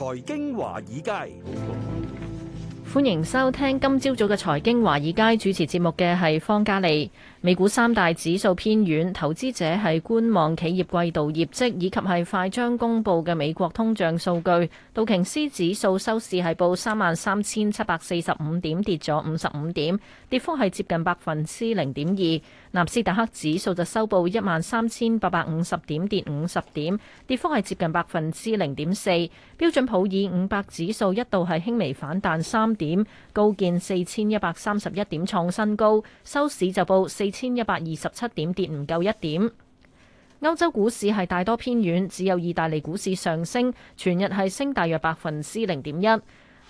財經華爾街。歡迎收聽今朝早嘅財經華爾街，主持節目嘅係方嘉利。美股三大指數偏軟，投資者係觀望企業季度業績以及係快將公布嘅美國通脹數據。道瓊斯指數收市係報三萬三千七百四十五點，跌咗五十五點，跌幅係接近百分之零點二。納斯達克指數就收報一萬三千八百五十點，跌五十點，跌幅係接近百分之零點四。標準普爾五百指數一度係輕微反彈三。高建點高見四千一百三十一點，創新高，收市就報四千一百二十七點，跌唔夠一點。歐洲股市係大多偏軟，只有意大利股市上升，全日係升大約百分之零點一。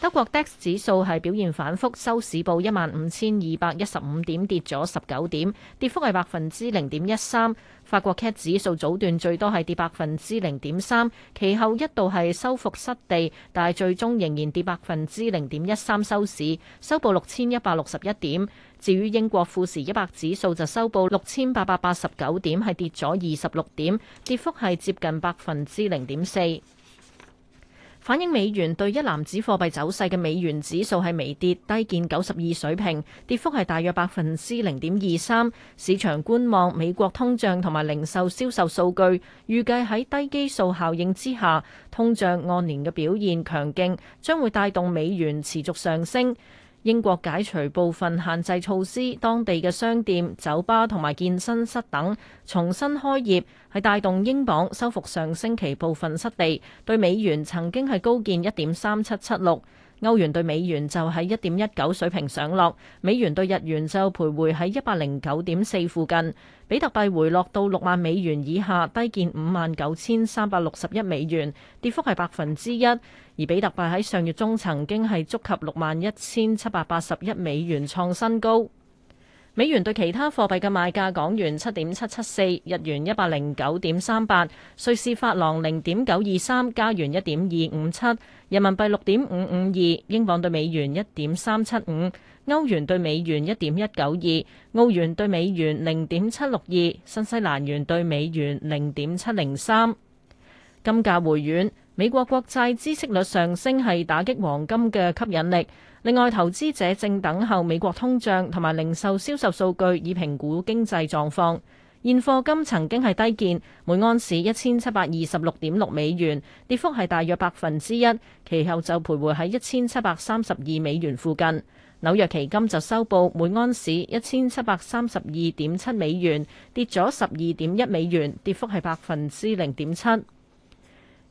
德國 DAX 指數係表現反覆，收市報一萬五千二百一十五點，跌咗十九點，跌幅係百分之零點一三。法國 CAC 指數早段最多係跌百分之零點三，其後一度係收復失地，但係最終仍然跌百分之零點一三收市，收報六千一百六十一點。至於英國富時一百指數就收報六千八百八十九點，係跌咗二十六點，跌幅係接近百分之零點四。反映美元對一籃子貨幣走勢嘅美元指數係微跌，低見九十二水平，跌幅係大約百分之零點二三。市場觀望美國通脹同埋零售銷售數據，預計喺低基數效應之下，通脹按年嘅表現強勁，將會帶動美元持續上升。英國解除部分限制措施，當地嘅商店、酒吧同埋健身室等重新開業，係帶動英鎊收復上星期部分失地，對美元曾經係高見一點三七七六。歐元兌美元就喺一點一九水平上落，美元兌日元就徘徊喺一百零九點四附近，比特幣回落到六萬美元以下，低見五萬九千三百六十一美元，跌幅係百分之一，而比特幣喺上月中曾經係觸及六萬一千七百八十一美元創新高。美元對其他貨幣嘅賣價：港元七點七七四，日元一百零九點三八，瑞士法郎零點九二三，加元一點二五七，人民幣六點五五二，英鎊對美元一點三七五，歐元對美元一點一九二，澳元對美元零點七六二，新西蘭元對美元零點七零三。金價回軟。美國國債孳息率上升係打擊黃金嘅吸引力。另外，投資者正等候美國通脹同埋零售銷售數據，以評估經濟狀況。現貨金曾經係低見，每安士一千七百二十六點六美元，跌幅係大約百分之一。其後就徘徊喺一千七百三十二美元附近。紐約期金就收報每安士一千七百三十二點七美元，跌咗十二點一美元，跌幅係百分之零點七。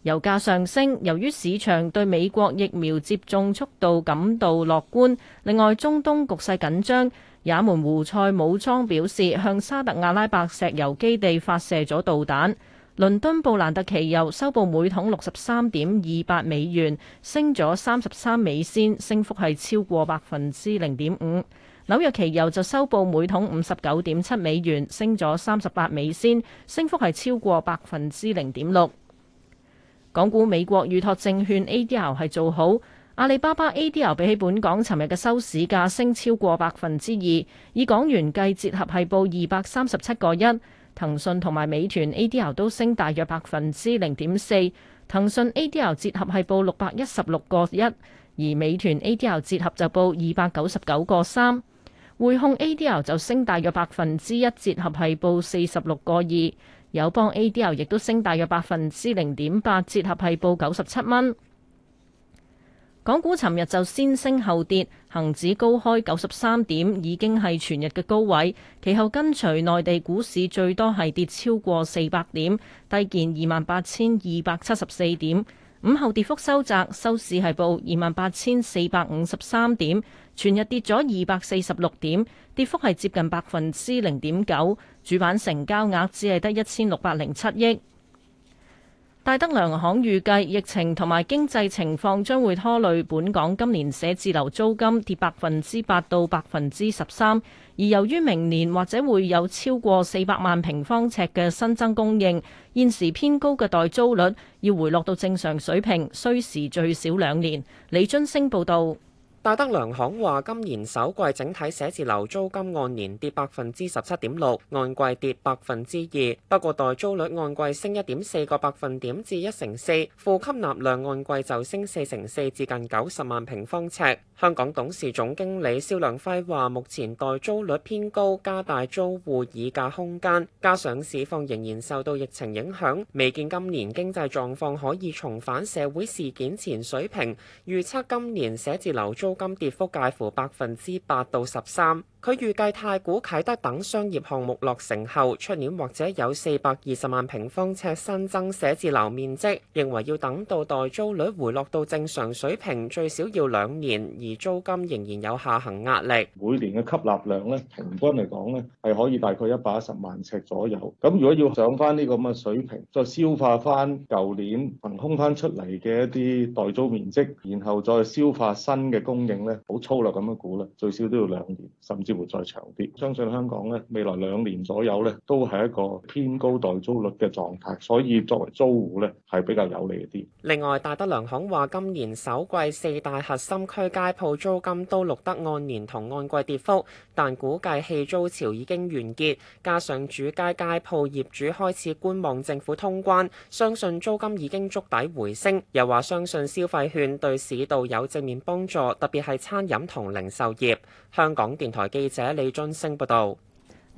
油價上升，由於市場對美國疫苗接種速度感到樂觀。另外，中東局勢緊張，也門胡塞武裝表示向沙特阿拉伯石油基地發射咗導彈。倫敦布蘭特期油收報每桶六十三點二八美元，升咗三十三美仙，升幅係超過百分之零點五。紐約期油就收報每桶五十九點七美元，升咗三十八美仙，升幅係超過百分之零點六。港股美國預託證券 a d l 係做好，阿里巴巴 a d l 比起本港尋日嘅收市價升超過百分之二，以港元計折合係報二百三十七個一。騰訊同埋美團 a d l 都升大約百分之零點四，騰訊 a d l 折合係報六百一十六個一，而美團 a d l 折合就報二百九十九個三。匯控 a d l 就升大約百分之一，折合係報四十六個二。友邦 ADR 亦都升大約百分之零點八，折合係報九十七蚊。港股尋日就先升後跌，恒指高開九十三點，已經係全日嘅高位。其後跟隨內地股市，最多係跌超過四百點，低見二萬八千二百七十四點。午後跌幅收窄，收市係報二萬八千四百五十三點，全日跌咗二百四十六點，跌幅係接近百分之零點九。主板成交額只係得一千六百零七億。戴德梁行預計疫情同埋經濟情況將會拖累本港今年寫字樓租金跌百分之八到百分之十三，而由於明年或者會有超過四百萬平方尺嘅新增供應，現時偏高嘅待租率要回落到正常水平，需時最少兩年。李津星報道。戴德梁行話，今年首季整體寫字樓租金按年跌百分之十七點六，按季跌百分之二。不過代租率按季升一點四個百分點至一成四，負吸納量按季就升四成四至近九十萬平方尺。香港董事總經理蕭亮輝話：目前代租率偏高，加大租戶議價空間，加上市況仍然受到疫情影響，未見今年經濟狀況可以重返社會事件前水平。預測今年寫字樓租租金跌幅介乎百分之八到十三。佢預計太古、啟德等商業項目落成後，出年或者有四百二十萬平方尺新增寫字樓面積。認為要等到代租率回落到正常水平，最少要兩年，而租金仍然有下行壓力。每年嘅吸納量咧，平均嚟講咧，係可以大概一百一十萬尺左右。咁如果要上翻呢個咁嘅水平，再消化翻舊年騰空翻出嚟嘅一啲代租面積，然後再消化新嘅供應咧，好粗略咁樣估啦，最少都要兩年，甚至。似乎再長啲，相信香港咧未來兩年左右咧都係一個偏高待租率嘅狀態，所以作為租戶咧係比較有利啲。另外，大德良行話，今年首季四大核心區街鋪租金都錄得按年同按季跌幅。但估計棄租潮已經完結，加上主街街鋪業主開始觀望政府通關，相信租金已經觸底回升。又話相信消費券對市道有正面幫助，特別係餐飲同零售業，香港電台記者李津升報道。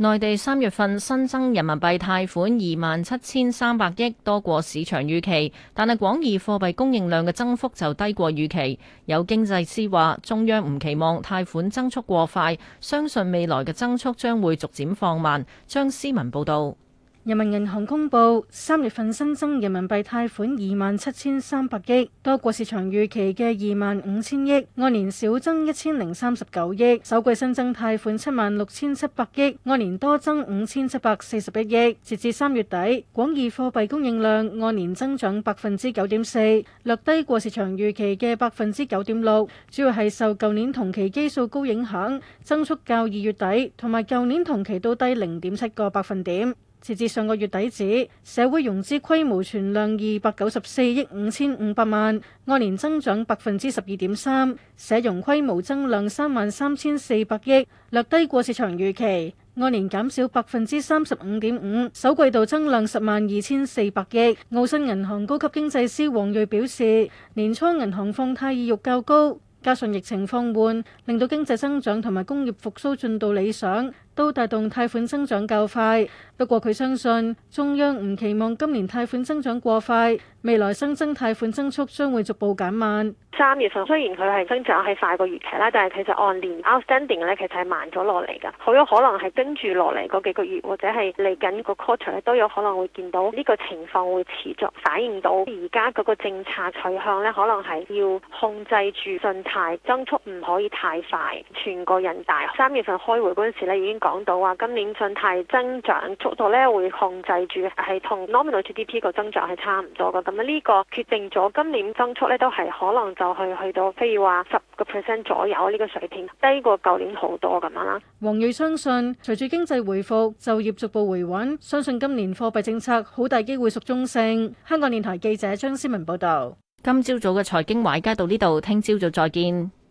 內地三月份新增人民幣貸款二萬七千三百億，多過市場預期，但係廣義貨幣供應量嘅增幅就低過預期。有經濟師話，中央唔期望貸款增速過快，相信未來嘅增速將會逐漸放慢。張思文報導。人民銀行公布三月份新增人民幣貸款二萬七千三百億，多過市場預期嘅二萬五千億，按年少增一千零三十九億。首季新增貸款七萬六千七百億，按年多增五千七百四十一億。截至三月底，廣義貨幣供應量按年增長百分之九點四，略低過市場預期嘅百分之九點六，主要係受舊年同期基數高影響，增速較二月底同埋舊年同期都低零點七個百分點。截至上個月底止，社會融資規模存量二百九十四億五千五百萬，按年增長百分之十二點三；社融規模增量三萬三千四百億，略低過市場預期，按年減少百分之三十五點五。首季度增量十萬二千四百億。澳新銀行高級經濟師王瑞表示，年初銀行放貸意欲較高，加上疫情放緩，令到經濟增長同埋工業復甦進度理想。都帶動貸款增長較快，不過佢相信中央唔期望今年貸款增長過快，未來新增貸款增速將會逐步減慢。三月份雖然佢係增長係快過預期啦，但係其實按年 outstanding 咧，其實係慢咗落嚟噶，好有可能係跟住落嚟嗰幾個月或者係嚟緊個 quarter 咧，都有可能會見到呢個情況會持續反映到而家嗰個政策取向咧，可能係要控制住信貸增速唔可以太快。全國人大三月份開會嗰陣時咧，已經講到話今年信貸增長速度咧會控制住，係同 nominal GDP 個增長係差唔多噶。咁呢個決定咗今年增速咧都係可能就去去到，譬如話十個 percent 左右呢個水平，低過舊年好多咁樣啦。黃瑞相信，隨住經濟回復、就業逐步回穩，相信今年貨幣政策好大機會屬中性。香港電台記者張思文報道。今朝早嘅財經華爾街到呢度，聽朝早再見。